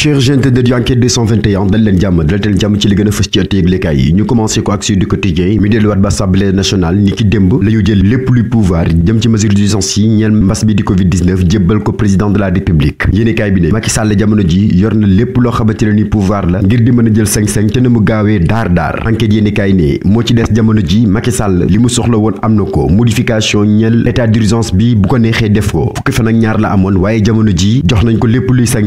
chers internautes yu Enquête 221 dal leen jàmm dal leen jàmm ci li gën a fës ci ëtt yëglekaay yi ñu commencé ko ak Sud Quotidien mi delluwaat ba assemblée ki démb la ñu jël lépp luy pouvoir jëm ci mesure d'urgence yi ñeel mbas bi di covid jébbal ko président de la république yéenekaay bi ne Macky Sall jamono ji yor na lépp loo xamante ne ni pouvoir la ngir di mën jël sañ-sañ te na mu gaawee daar daar Enquête yéenekaay ne moo ci des jamono ji Macky li mu soxla woon am bi bu ko neexee def ko fukki fan ak ñaar la amoon waaye jamono ji jox nañ ko lépp luy sañ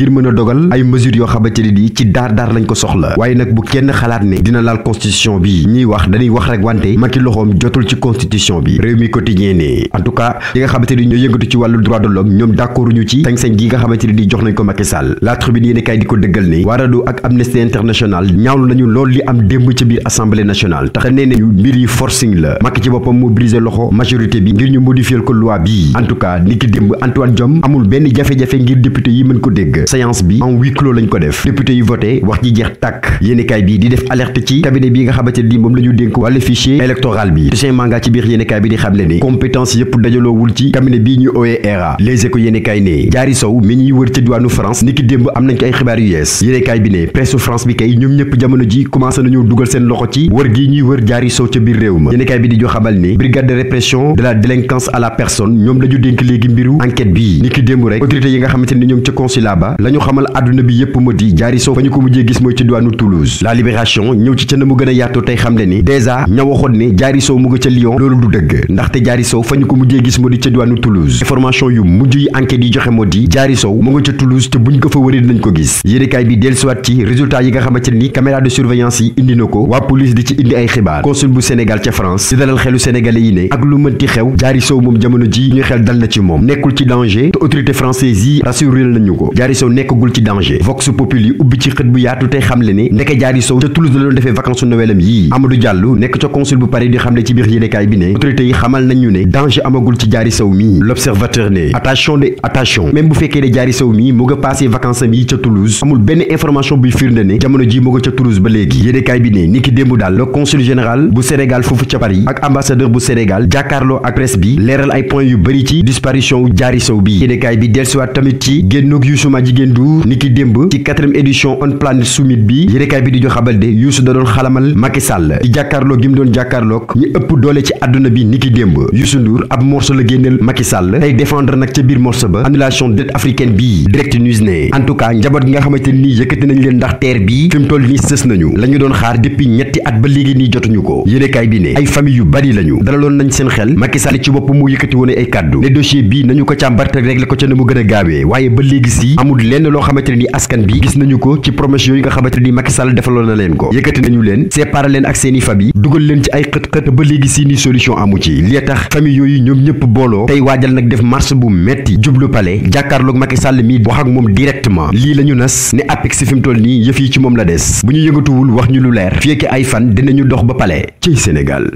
ngir mën a dogal ay mesures yoo xamante ne nii ci daar daar lañ ko soxla waaye nag bu kenn xalaat ne dina laal constitution bi ñuy wax dañuy wax rek wante Macky loxoom jotul ci constitution bi réew mi quotidien ne en tout cas yi nga xamante ni ñoo yëngatu ci wàllu droit de l'homme ñoom d'accorduñu ci sañ-sañ gi nga xamante ne nii jox nañ ko Macky Sall la ni yéen kay di ko dëggal ne waarado ak Amnesty International ñaawlu nañu loolu li am démb ci biir assemblée nationale tax nee nañu mbir yi forcing la Macky ci boppam moo loxo majorité bi ngir ñu modifier ko loi bi en tout cas niki démb Antoine Diome amul benn jafe-jafe ngir député yi mën ko dégg séance bi en huis clos lañ ko def député yu voté wax ji jeex tàkk yéenekaay bi di def alerte ci cabinet bi nga xamante ne di moom la ñu dénk wàllu fichier électoral bi Tachin Manga ci biir yéenekaay bi di xamle ni compétence yëpp dajaloowul ci cabinet bii ñu ooyee ERA Les Échos yéenekaay ne jaari sow mi ñuy wër ci diwaanu France niki démb am nañ ko ay xibaar yu yees yéenekaay bi ne presse France bi kay ñoom ñëpp jamono ji commencé nañu dugal seen loxo ci wër gi ñuy wër jaari sow ca biir réew ma yéenekaay bi di jo xamal ni brigade de répression de la délinquance à la personne ñoom la ñu dénk léegi mbiru nga xamante ni ñoom ca ba lañu ñu xamal àdduna bi yépp ma di jaari sow fa ñu ko mujjee gis mooy ci Toulouse la libération ñëw ci cën mu gën a yaatoo tey xam le ni dèjà ña waxoon ne jaari jaari sow fa gis ma di yu mujj yi enquête yi joxe moo di jaari sow mu nga ca Toulouse te buñ ko fa wëree dinañ ko gis yéenekaay bi dellusiwaat ci résultat yi nga xamante ni caméra de surveillance yi indi na ko waa police di ci indi ay xibaar consul bu Sénégal ca France di dalal xelu sénégalais yi ne ak lu mënti xew jaari sow moom jamono ji ñu xel dal na ci moom nekkul ci danger te autorité française yi rassuré nekkagul ci danger vox populi yi ubbi ci xët bu yaatu tey xamle ne ndeke jaari sow ca Toulouse la doon defee vacances nowelam yii Amadou Diallo nekk ca consul bu Paris di xamle ci biir yéenekaay bi ne autorités yi xamal nañ ne danger amagul ci jaari sow mii l'observateur ne attention de attention même bu fekkee ne jaari sow mii mu nga passé yi ca Toulouse amul benn information buy firnde ne jamono ji mu ca Toulouse ba léegi yéenekaay bi ne ni Jigéen Ndour ni ki démb ci quatrième édition on planet summit bi yéenekaay bi di jox xamal de Youssou da doon xalamal Macky Sall jàkkaarloo gi mu doon jàkkaarloog ñi ëpp doole ci àdduna bi ni ki démb Youssou Ndour ab morceau la génneel Macky Sall tey défendre nag ca biir morceau ba annulation dette africaine bii direct news ne en njaboot gi nga xamante nii yëkkati nañ leen ndax teer bii fi toll nii sës nañu la doon xaar depuis ñetti at ba léegi nii jotuñu ko yéenekaay bi a gaawee waaye ba lenn loo xamante ni askan bi gis nañu ko ci promesse yooyu nga xamante ne ni Macky Sall na leen ko yëkkati nañu leen séparé leen ak seeni famille dugal leen ci ay xët-xët ba léegi seeni solution amu ci li tax famille yooyu ñoom ñëpp booloo tey waajal nag def marche bu metti jublu palais jàkkaarloog Macky Sall mi wax ak moom directement lii la ñu nas ne APEX fi mu toll nii yëf yi ci moom la des bu ñu yëngatuwul wax ñu lu leer fii ay fan dinañu dox ba palais ci Sénégal